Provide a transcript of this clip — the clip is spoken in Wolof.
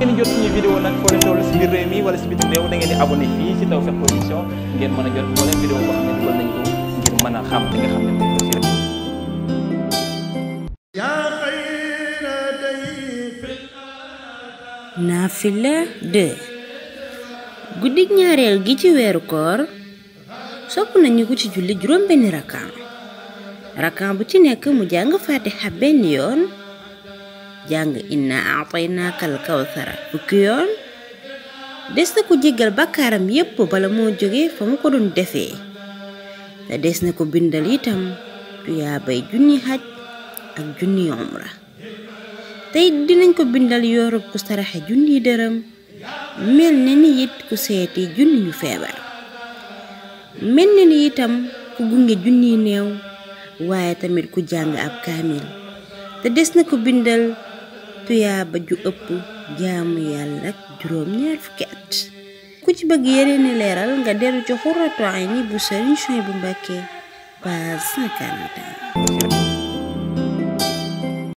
ngeen jot si biir a jot moo leen a xam li nga xam ne la rek. ñaareel gi ci weeru koor sopp nañu ko ci julli juróom benn rakkaan rakkaan bu ci nekk mu jàng faatiha benn yoon. jàng inna aataynaaka al kawsara fukki yoon des na ku jéggal bakkaaram yépp bala moo jóge fa mu ko doon defee te des na ko bindal itam tuyaabay junni xaj ak junni umra tey dinañ ko bindal yoorub ku saraxe junni dërëm mel ne ni it ku seeti junni ñu feebar mel ne ni itam ku gunge junni néew waaye tamit ku jàng ab kaamil te des na ko bindal tuyaaba ju ëpp jaamu yàlla ak juróom ñaar fukki at ku ci bëgg yeneen leeral nga dellu ci xurratu ayni bu Serigne Souhaïbou Mbacké page 141